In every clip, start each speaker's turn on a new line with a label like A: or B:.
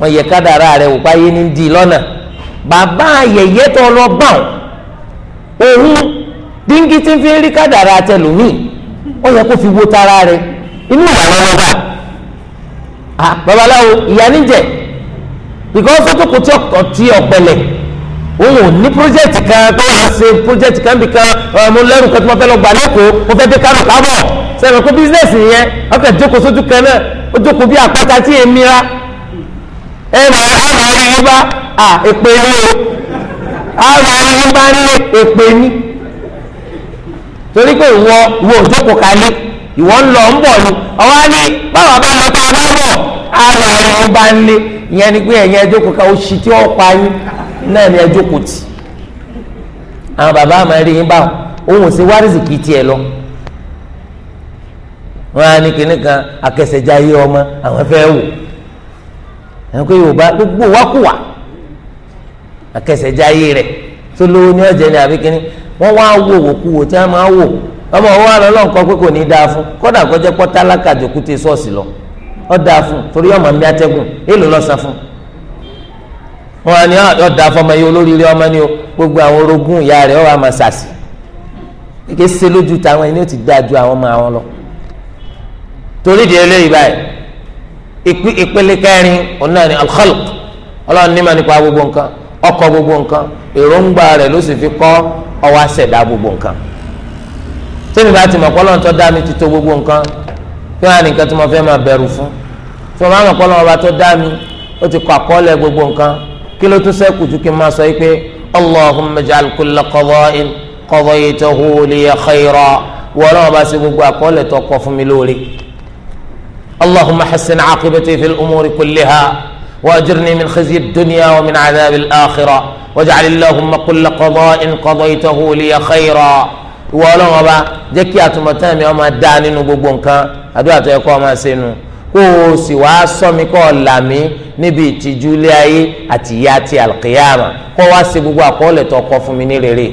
A: wọn yẹ kádàrá rẹ wò páyé ní di lọ́nà bàbá ayẹyẹ tó lọ bá òun òun díngí tí ń fi rí kádàrá tẹlómìn ó yẹ kó fi wo tara rẹ inú ìwà lọ́wọ́ bá a babaláwo ìyá níjẹ because ó tó kò tí ọtí ọ̀pẹ̀lẹ̀ òun ò ní pírójẹ́tì kan tó wà ṣe pírójẹ́tì kan bìkan ọmọ lẹ́rù kan tí wọ́n fẹ́ lọ gbà lẹ́kọ̀ọ́ mo fẹ́ dé kánò kábọ̀ sẹ́yìn kó bísíǹnẹ̀sì yẹn ọkọ̀ ìjókòó sójú kan náà ó jókòó bí àpáta tí èmi ra ẹwà àwárí yíbá à èpè ní o àwárí yíbá ní èpè ní torí pé ìwọ ìwọ òjókòó kalẹ̀ ìwọ ń lọ ń bọ̀ ni ọwọ́ ní báwa bá lọ bá bá bọ̀ àwárí yíbá ní ìyẹn ni pé ẹ̀yin ẹjókòó ká oṣù tí ó pa yín náà ni ẹjókòó tì àwọn bàbá àmọ́ ẹ̀rí yín báwọn òun sì wárìsì kì í tiẹ̀ lọ wọn á ní kan yé ọmọ àwọn ẹni pé yorùbá gbogbo wákùwà akẹsẹjáyé rẹ tó lówó ní ọjà ni abíkíní wọn wá wò wòkúwò tí wọn máa wò ọmọ wọn àlọ náà kọ pé kò ní dáa fún kódà kọjá lọ ọ dáa fún torí ọmọ mi èèlò lọsàn fún wọn ọ ah, dáa fún ọmọ yìí olóríire ọmọ ni gbogbo àwọn orogún ìyá rẹ ọmọ àwọn lọ torí di eléyìí báyìí ìpele kẹrin òun náà ni alkhalq ọlọ́run ní ma nípa gbogbo nǹkan ọkọ gbogbo nǹkan èròǹgbà rẹ̀ ló sì fi kọ́ ọwọ́ àṣẹ̀dá gbogbo nǹkan tẹ́mi bá ti mọ̀ pé ọlọ́run tó dá mi ti tó gbogbo nǹkan kí wọ́n á ní nǹkan tí mo fẹ́ máa bẹ̀rù fún tí wọ́n bá mọ̀ pé ọlọ́run ọba tó dá mi ó ti kọ́ àkọọ́lẹ̀ gbogbo nǹkan kí ló tún sẹ́kù ju kí n máa sọ yìí pé ọlọ́run ọba اللهم حسن عاقبتي في الأمور كلها وأجرني من خزي الدنيا ومن عذاب الآخرة واجعل اللهم كل قضاء قضيته لي خيرا wọ́ọ́lọ́wọ́n ọba jẹ́ kí àtúmọ̀tán mi ọmọ dá nínú gbogbo nǹkan àdúrà tó yẹ kó ọmọ ṣe nu kó o sì wáá sọ mi kó o là mí níbi ìtìjú ilé ayé àti ìyà ti àlùkìyàmà kó o wá ṣe gbogbo àkọọ́lẹ̀ tó kọ fún mi ní rere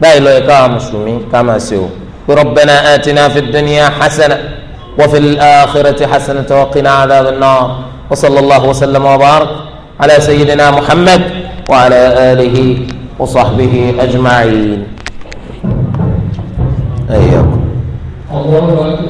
A: báyìí lọ́ọ́ yẹ káwọn mùsùlùmí ká máa ṣe o. rabbana atina fid dunya hasana. وفي الآخرة حسنة وقنا عذاب النار وصلى الله وسلم وبارك على سيدنا محمد وعلى آله وصحبه أجمعين أيوة. الله أكبر